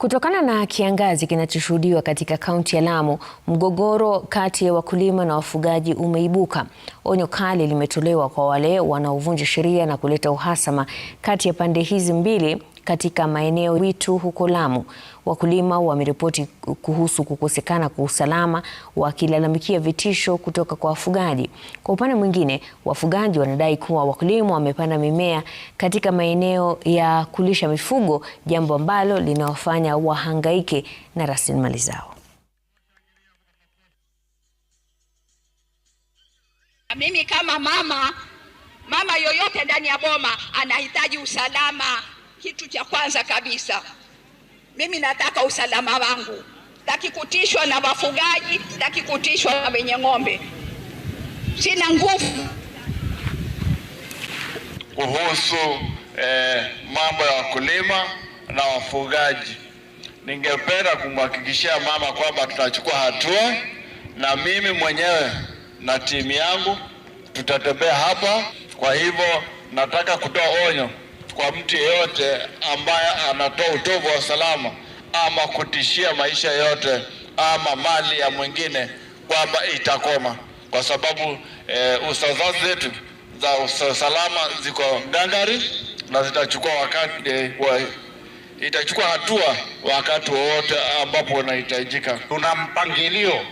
Kutokana na kiangazi kinachoshuhudiwa katika kaunti ya Lamu, mgogoro kati ya wakulima na wafugaji umeibuka. Onyo kali limetolewa kwa wale wanaovunja sheria na kuleta uhasama kati ya pande hizi mbili katika maeneo Witu huko Lamu. Wakulima wameripoti kuhusu kukosekana kwa usalama, wakilalamikia vitisho kutoka kwa wafugaji. Kwa upande mwingine, wafugaji wanadai kuwa wakulima wamepanda mimea katika maeneo ya kulisha mifugo, jambo ambalo linawafanya wahangaike na rasilimali zao. Mimi kama mama, mama yoyote ndani ya boma anahitaji usalama. Kitu cha kwanza kabisa, mimi nataka usalama wangu, sitaki kutishwa na wafugaji, takikutishwa kutishwa na wenye ng'ombe, sina nguvu kuhusu eh, mambo ya wakulima na wafugaji. Ningependa kumhakikishia mama kwamba tutachukua hatua, na mimi mwenyewe na timu yangu tutatembea hapa. Kwa hivyo nataka kutoa onyo kwa mtu yeyote ambaye anatoa utovu wa usalama ama kutishia maisha yote ama mali ya mwingine kwamba itakoma, kwa sababu e, eh, usazazi zetu za usalama ziko gangari na zitachukua wakati e, wa, itachukua hatua wakati wowote ambapo unahitajika. Tuna mpangilio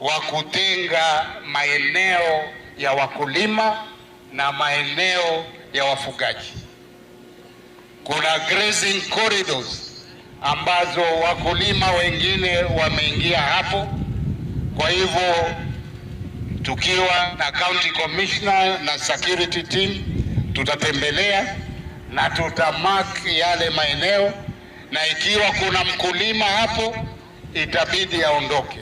wa kutenga maeneo ya wakulima na maeneo ya wafugaji. Kuna grazing corridors ambazo wakulima wengine wameingia hapo. Kwa hivyo tukiwa na county commissioner na security team tutatembelea na tutamark yale maeneo, na ikiwa kuna mkulima hapo itabidi aondoke.